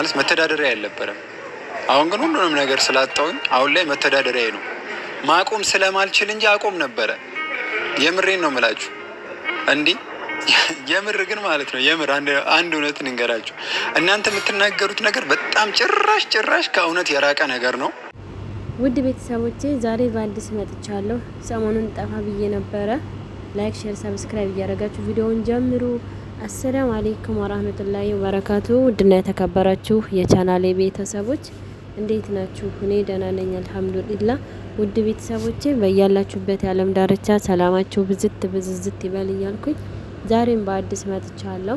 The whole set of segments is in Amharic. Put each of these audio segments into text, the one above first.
ማለት መተዳደሪያ አልነበረም። አሁን ግን ሁሉንም ነገር ስላጣውኝ አሁን ላይ መተዳደሪያ ነው። ማቆም ስለማልችል እንጂ አቆም ነበረ። የምሬን ነው የምላችሁ እንዲህ የምር ግን ማለት ነው የምር አንድ እውነት ንገራችሁ። እናንተ የምትናገሩት ነገር በጣም ጭራሽ ጭራሽ ከእውነት የራቀ ነገር ነው። ውድ ቤተሰቦቼ ዛሬ በአዲስ መጥቻለሁ። ሰሞኑን ጠፋ ብዬ ነበረ። ላይክ፣ ሼር፣ ሰብስክራይብ እያደረጋችሁ ቪዲዮውን ጀምሩ። አሰላሙ አሌይኩም ወራህመቱላሂ ወበረካቱ። ውድና የተከበራችሁ የቻናሌ ቤተሰቦች እንዴት ናችሁ? እኔ ደህና ነኝ አልሐምዱሊላ። ውድ ቤተሰቦቼ በያላችሁበት የዓለም ዳርቻ ሰላማችሁ ብዝት ብዝዝት ይበል እያልኩኝ ዛሬም በአዲስ መጥቻለሁ።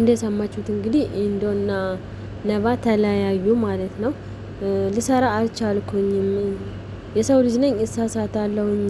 እንደሰማችሁት እንግዲህ ኢንዶና ነባ ተለያዩ ማለት ነው። ልሰራ አልቻልኩኝም። የሰው ልጅ ነኝ እሳሳታለሁኝ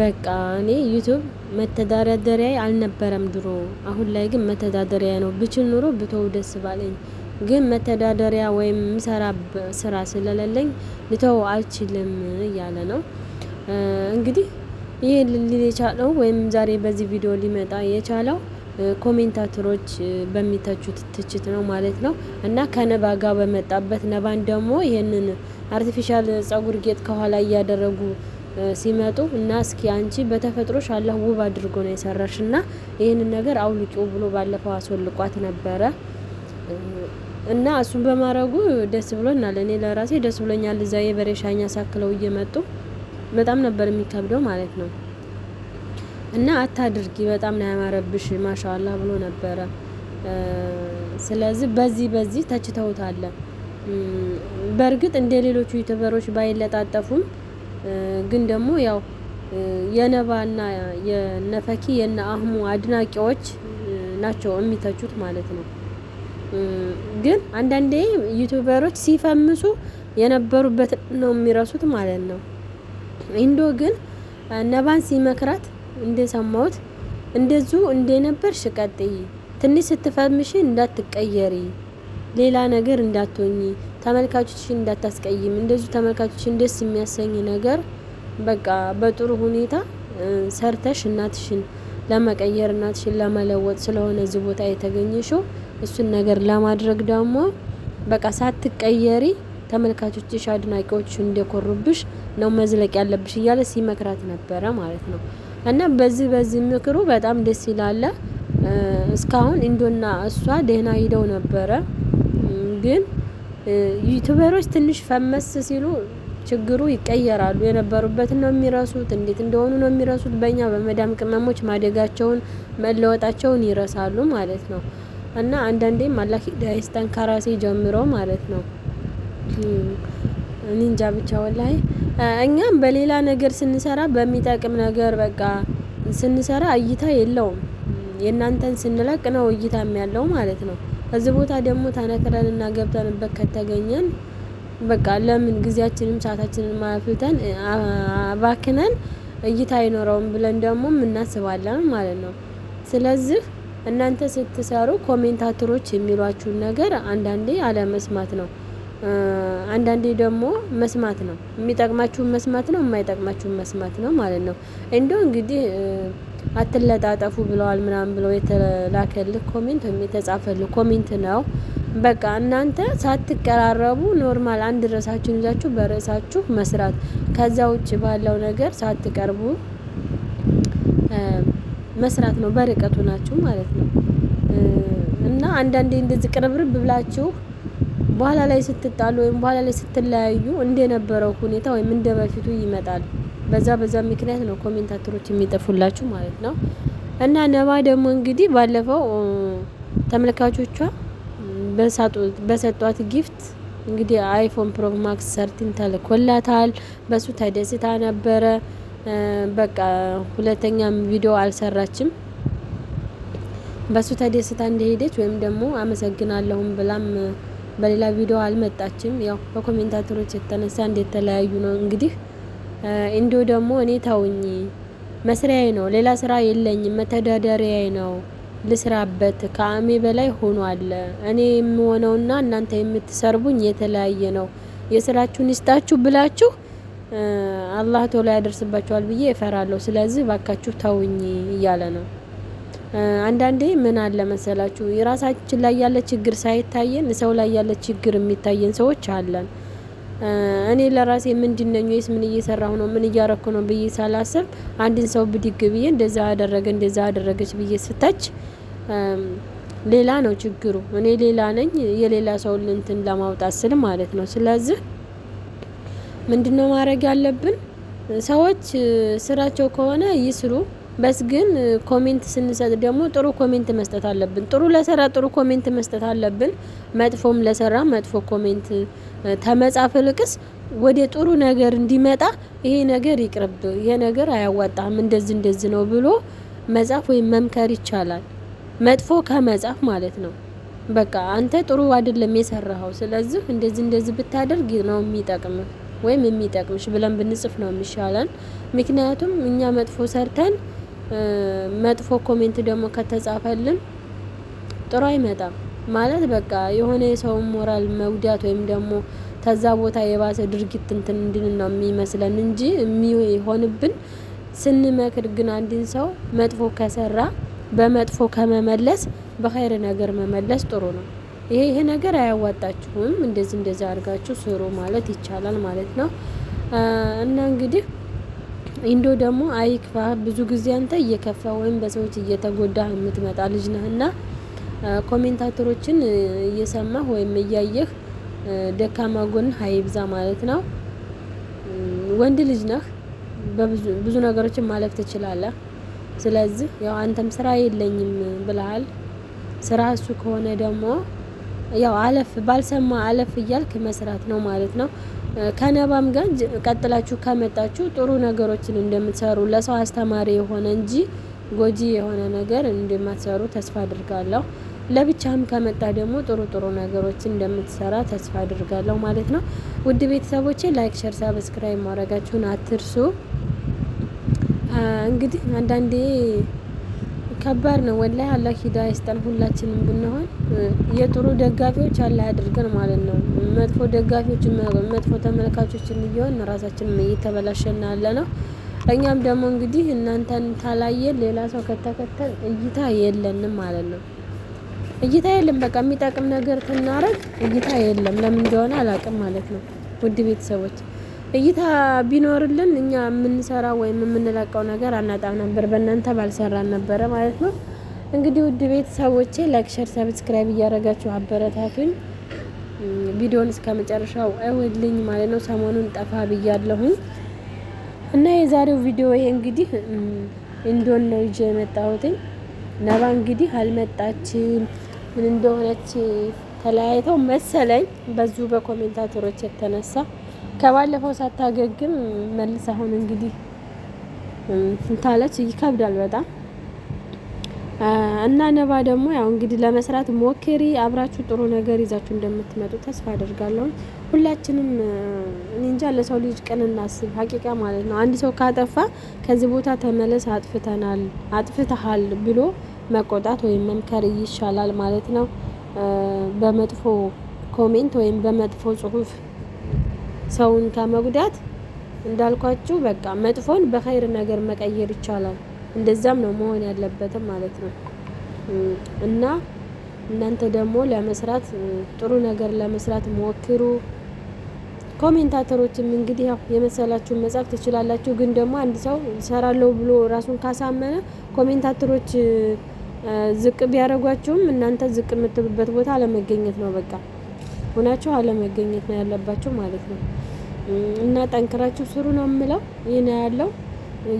በቃ እኔ ዩቱብ መተዳደሪያ አልነበረም ድሮ። አሁን ላይ ግን መተዳደሪያ ነው። ብችል ኑሮ ብተው ደስ ባለኝ፣ ግን መተዳደሪያ ወይም ምሰራ ስራ ስለሌለኝ ልተው አልችልም እያለ ነው እንግዲህ። ይህ ሊል የቻለው ወይም ዛሬ በዚህ ቪዲዮ ሊመጣ የቻለው ኮሜንታተሮች በሚተቹት ትችት ነው ማለት ነው። እና ከነባ ጋር በመጣበት ነባን ደግሞ ይህንን አርቲፊሻል ጸጉር ጌጥ ከኋላ እያደረጉ ሲመጡ እና እስኪ አንቺ በተፈጥሮሽ አላህ ውብ አድርጎ ነው የሰራሽ እና ይህንን ነገር አውልቂ ብሎ ባለፈው አስወልቋት ነበረ እና እሱን በማድረጉ ደስ ብሎናል። እኔ ለራሴ ደስ ብሎኛል። እዛ የበሬ ሻኛ ሳክለው እየመጡ በጣም ነበር የሚከብደው ማለት ነው። እና አታድርጊ በጣም ነው ያማረብሽ ማሻአላህ ብሎ ነበረ። ስለዚህ በዚህ በዚህ ተችተውታለ በእርግጥ እንደ ሌሎቹ ዩቱበሮች ባይለጣጠፉም ግን ደግሞ ያው የነባና የነፈኪ የነ አህሙ አድናቂዎች ናቸው የሚተቹት ማለት ነው። ግን አንዳንዴ ዩቲዩበሮች ሲፈምሱ የነበሩበት ነው የሚረሱት ማለት ነው። ኢንዶ ግን ነባን ሲመክራት እንደሰማሁት እንደዙ እንደነበርሽ ቀጥይ፣ ትንሽ ስትፈምሽ እንዳትቀየሪ ሌላ ነገር እንዳትሆኚ፣ ተመልካቾችን እንዳታስቀይም፣ እንደዚሁ ተመልካቾችን ደስ የሚያሰኝ ነገር በቃ በጥሩ ሁኔታ ሰርተሽ እናትሽን ለመቀየር እናትሽን ለመለወጥ ስለሆነ እዚህ ቦታ የተገኘሽው እሱን ነገር ለማድረግ ደግሞ በቃ ሳትቀየሪ ተመልካቾችሽ አድናቂዎች እንደኮሩብሽ ነው መዝለቅ ያለብሽ እያለ ሲመክራት ነበረ ማለት ነው። እና በዚህ በዚህ ምክሩ በጣም ደስ ይላለ። እስካሁን እንዶና እሷ ደህና ሂደው ነበረ። ግን ዩቱበሮች ትንሽ ፈመስ ሲሉ ችግሩ ይቀየራሉ። የነበሩበትን ነው የሚረሱት። እንዴት እንደሆኑ ነው የሚረሱት። በእኛ በመዳም ቅመሞች ማደጋቸውን መለወጣቸውን ይረሳሉ ማለት ነው። እና አንዳንዴም አላህ ሂዳይስታን ከራሴ ጀምሮ ማለት ነው። እኔ እንጃ ብቻ ወላሂ እኛም በሌላ ነገር ስንሰራ በሚጠቅም ነገር በቃ ስንሰራ እይታ የለውም። የእናንተን ስንለቅ ነው እይታም ያለው ማለት ነው። እዚህ ቦታ ደግሞ ተነክረን እና ገብተንበት ከተገኘን በቃ ለምን ጊዜያችንም ሰዓታችንን ማፍልተን አባክነን እይታ አይኖረውም ብለን ደግሞ እናስባለን ማለት ነው። ስለዚህ እናንተ ስትሰሩ ኮሜንታተሮች የሚሏችሁን ነገር አንዳንዴ አለመስማት ነው፣ አንዳንዴ ደግሞ መስማት ነው። የሚጠቅማችሁን መስማት ነው፣ የማይጠቅማችሁን መስማት ነው ማለት ነው። እንደው እንግዲህ አትለጣጠፉ ብለዋል ምናምን ብለው የተላከልህ ኮሜንት ወይም የተጻፈልህ ኮሜንት ነው። በቃ እናንተ ሳትቀራረቡ ኖርማል አንድ ርዕሳችሁን ይዛችሁ በርዕሳችሁ መስራት፣ ከዛ ውጭ ባለው ነገር ሳትቀርቡ መስራት ነው። በርቀቱ ናችሁ ማለት ነው። እና አንዳንዴ እንደዚህ ቅርብርብ ብላችሁ በኋላ ላይ ስትጣሉ ወይም በኋላ ላይ ስትለያዩ እንደነበረው ሁኔታ ወይም እንደ በፊቱ ይመጣል። በዛ በዛ ምክንያት ነው ኮሜንታተሮች የሚጠፉላችሁ ማለት ነው። እና ነባ ደግሞ እንግዲህ ባለፈው ተመልካቾቿ በሰጧት ጊፍት እንግዲህ አይፎን ፕሮ ማክስ ሰርቲን ተልኮላታል። በሱ ተደስታ ነበረ። በቃ ሁለተኛ ቪዲዮ አልሰራችም። በሱ ተደስታ እንደሄደች ወይም ደግሞ አመሰግናለሁም ብላም በሌላ ቪዲዮ አልመጣችም። ያው በኮሜንታተሮች የተነሳ እንደተለያዩ ነው እንግዲህ እንዲሁ ደግሞ እኔ ተውኝ፣ መስሪያዬ ነው፣ ሌላ ስራ የለኝም፣ መተዳደሪያዬ ነው፣ ልስራበት ከአሜ በላይ ሆኗል። እኔ የምሆነውና እናንተ የምትሰርቡኝ የተለያየ ነው፣ የስራችሁን ይስጣችሁ ብላችሁ አላህ ቶሎ ያደርስባችኋል ብዬ እፈራለሁ። ስለዚህ ባካችሁ ተውኝ እያለ ነው። አንዳንዴ ምን አለ መሰላችሁ የራሳችን ላይ ያለ ችግር ሳይታየን ሰው ላይ ያለ ችግር የሚታየን ሰዎች አለን። እኔ ለራሴ ምንድን ነኝ ወይስ ምን እየሰራሁ ነው ምን እያረኩ ነው ብዬ ሳላስብ አንድን ሰው ብድግ ብዬ እንደዛ አደረገ እንደዛ አደረገች ብዬ ስታች ሌላ ነው ችግሩ። እኔ ሌላ ነኝ የሌላ ሰው እንትን ለማውጣት ስል ማለት ነው። ስለዚህ ምንድነው ማድረግ ያለብን? ሰዎች ስራቸው ከሆነ ይስሩ። በስ ግን ኮሜንት ስንሰጥ ደግሞ ጥሩ ኮሜንት መስጠት አለብን። ጥሩ ለሰራ ጥሩ ኮሜንት መስጠት አለብን። መጥፎም ለሰራ መጥፎ ኮሜንት ተመጻፍ ልቅስ ወደ ጥሩ ነገር እንዲመጣ ይሄ ነገር ይቅርብ፣ ይሄ ነገር አያዋጣም፣ እንደዚህ እንደዚህ ነው ብሎ መጻፍ ወይም መምከር ይቻላል። መጥፎ ከመጻፍ ማለት ነው። በቃ አንተ ጥሩ አይደለም የሰራኸው፣ ስለዚህ እንደዚህ እንደዚህ ብታደርግ ነው የሚጠቅም ወይም የሚጠቅምሽ ብለን ብንጽፍ ነው የሚሻለን። ምክንያቱም እኛ መጥፎ ሰርተን መጥፎ ኮሜንት ደግሞ ከተጻፈልን ጥሩ አይመጣም። ማለት በቃ የሆነ የሰውን ሞራል መጉዳት ወይም ደግሞ ከዛ ቦታ የባሰ ድርጊት እንትን እንድን ነው የሚመስለን እንጂ የሚሆንብን ስንመክር ግን አንድን ሰው መጥፎ ከሰራ በመጥፎ ከመመለስ በኸይር ነገር መመለስ ጥሩ ነው። ይሄ ይሄ ነገር አያዋጣችሁም፣ እንደዚህ እንደዚህ አድርጋችሁ ስሩ ማለት ይቻላል ማለት ነው እና እንግዲህ እንዶ ደግሞ አይክፋ። ብዙ ጊዜ አንተ እየከፋ ወይም በሰዎች እየተጎዳ የምትመጣ ልጅ ነህ እና ኮሜንታተሮችን እየሰማህ ወይም እያየህ ደካማ ጎን ሀይብዛ ማለት ነው። ወንድ ልጅ ነህ፣ ብዙ ነገሮችን ማለፍ ትችላለህ። ስለዚህ ያው አንተም ስራ የለኝም ብለሃል። ስራ እሱ ከሆነ ደግሞ ያው አለፍ ባልሰማ አለፍ እያልክ መስራት ነው ማለት ነው። ከነባም ጋር ቀጥላችሁ ከመጣችሁ ጥሩ ነገሮችን እንደምትሰሩ ለሰው አስተማሪ የሆነ እንጂ ጎጂ የሆነ ነገር እንደማትሰሩ ተስፋ አድርጋለሁ። ለብቻም ከመጣ ደግሞ ጥሩ ጥሩ ነገሮችን እንደምትሰራ ተስፋ አድርጋለሁ ማለት ነው። ውድ ቤተሰቦቼ ላይክ፣ ሸር፣ ሰብስክራይብ ማድረጋችሁን አትርሱ። እንግዲህ አንዳንዴ ከባድ ነው ወላሂ። አላህ ሂዳ ይስጠን። ሁላችንም ብንሆን የጥሩ ደጋፊዎች አላህ ያድርገን ማለት ነው። መጥፎ ደጋፊዎች፣ መጥፎ ተመልካቾች እየሆን ራሳችንም እየተበላሸና ያለ ነው። እኛም ደግሞ እንግዲህ እናንተን ታላየን ሌላ ሰው ከተከተል እይታ የለንም ማለት ነው። እይታ የለም። በቃ የሚጠቅም ነገር ትናረግ እይታ የለም። ለምን እንደሆነ አላውቅም ማለት ነው። ውድ ቤተሰቦች እይታ ቢኖርልን እኛ የምንሰራ ወይም የምንለቀው ነገር አናጣም ነበር። በእናንተ ባልሰራን ነበረ ማለት ነው። እንግዲህ ውድ ቤተሰቦቼ ላይክ፣ ሸር፣ ሰብስክራይብ እያደረጋችሁ አበረታቱኝ። ቪዲዮን እስከ መጨረሻው እውልኝ ማለት ነው። ሰሞኑን ጠፋ ብያለሁኝ እና የዛሬው ቪዲዮ ይሄ እንግዲህ እንዶን ነው ይዤ የመጣሁትኝ። ነባ እንግዲህ አልመጣችም። ምን እንደሆነች ተለያይተው መሰለኝ በዙ በኮሜንታተሮች የተነሳ ከባለፈው ሳታገግም መልስ አሁን እንግዲህ ስንታለች ይከብዳል በጣም እና ነባ ደግሞ ያው እንግዲህ ለመስራት ሞክሪ። አብራችሁ ጥሩ ነገር ይዛችሁ እንደምትመጡ ተስፋ አደርጋለሁ። ሁላችንም እንጃ ለሰው ልጅ ቅን እናስብ፣ ሀቂቃ ማለት ነው። አንድ ሰው ካጠፋ ከዚህ ቦታ ተመለስ፣ አጥፍተናል፣ አጥፍተሃል ብሎ መቆጣት ወይም መምከር ይሻላል ማለት ነው። በመጥፎ ኮሜንት ወይም በመጥፎ ጽሁፍ ሰውን ከመጉዳት እንዳልኳችሁ በቃ መጥፎን በኸይር ነገር መቀየር ይቻላል። እንደዛም ነው መሆን ያለበትም ማለት ነው። እና እናንተ ደግሞ ለመስራት ጥሩ ነገር ለመስራት ሞክሩ። ኮሜንታተሮችም እንግዲህ ያው የመሰላችሁን መጻፍ ትችላላችሁ። ግን ደግሞ አንድ ሰው ሰራለሁ ብሎ ራሱን ካሳመነ ኮሜንታተሮች ዝቅ ቢያደርጓችሁም እናንተ ዝቅ የምትሉበት ቦታ አለመገኘት ነው በቃ ሆናችሁ አለመገኘት ነው ያለባችሁ ማለት ነው። እና ጠንክራችሁ ስሩ ነው የምለው። ይህ ነው ያለው።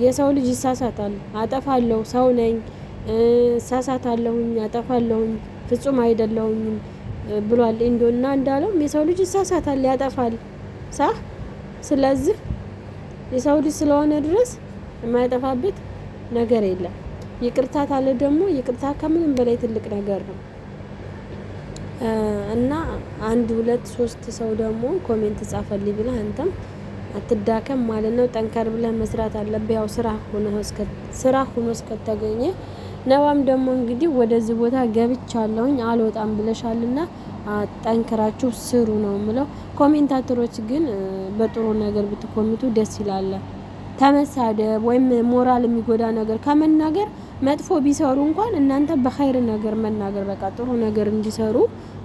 የሰው ልጅ ይሳሳታል። አጠፋለሁ፣ ሰው ነኝ፣ እሳሳታለሁኝ፣ አጠፋለሁኝ፣ ፍጹም አይደለሁኝም ብሏል እንዶ እና እንዳለውም የሰው ልጅ ይሳሳታል፣ ያጠፋል ሳ ስለዚህ የሰው ልጅ ስለሆነ ድረስ የማያጠፋበት ነገር የለም። ይቅርታ ካለ ደግሞ ይቅርታ ከምንም በላይ ትልቅ ነገር ነው። እና አንድ ሁለት ሶስት ሰው ደግሞ ኮሜንት ጻፈልኝ ብለህ አንተም አትዳከም ማለት ነው። ጠንከር ብለህ መስራት አለብህ። ያው ስራ ሆኖ ስራ ሆኖ እስከተገኘ ነባም ደግሞ እንግዲህ ወደዚህ ቦታ ገብቻለሁኝ አልወጣም ብለሻልና ጠንክራችሁ ስሩ ነው የምለው። ኮሜንታተሮች ግን በጥሩ ነገር ብትኮሚቱ ደስ ይላል። ከመሳደብ ወይም ሞራል የሚጎዳ ነገር ከመናገር መጥፎ ቢሰሩ እንኳን እናንተ በኸይር ነገር መናገር በቃ ጥሩ ነገር እንዲሰሩ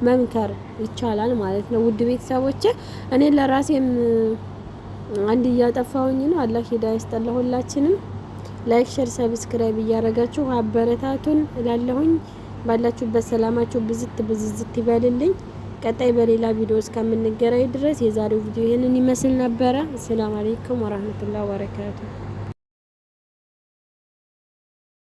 መምከር ይቻላል ማለት ነው። ውድ ቤተሰቦች እኔ ለራሴም አንድ እያጠፋውኝ ነው። አላህ ሂዳ ያስጠላ። ሁላችንም ላይክ፣ ሸር፣ ሰብስክራይብ እያደረጋችሁ አበረታቱን እላለሁኝ። ባላችሁበት ሰላማችሁ ብዝት ብዝዝት ይበልልኝ። ቀጣይ በሌላ ቪዲዮ እስከምንገናኝ ድረስ የዛሬው ቪዲዮ ይህንን ይመስል ነበረ። አሰላሙ አለይኩም ወራህመቱላሂ ወበረካቱ።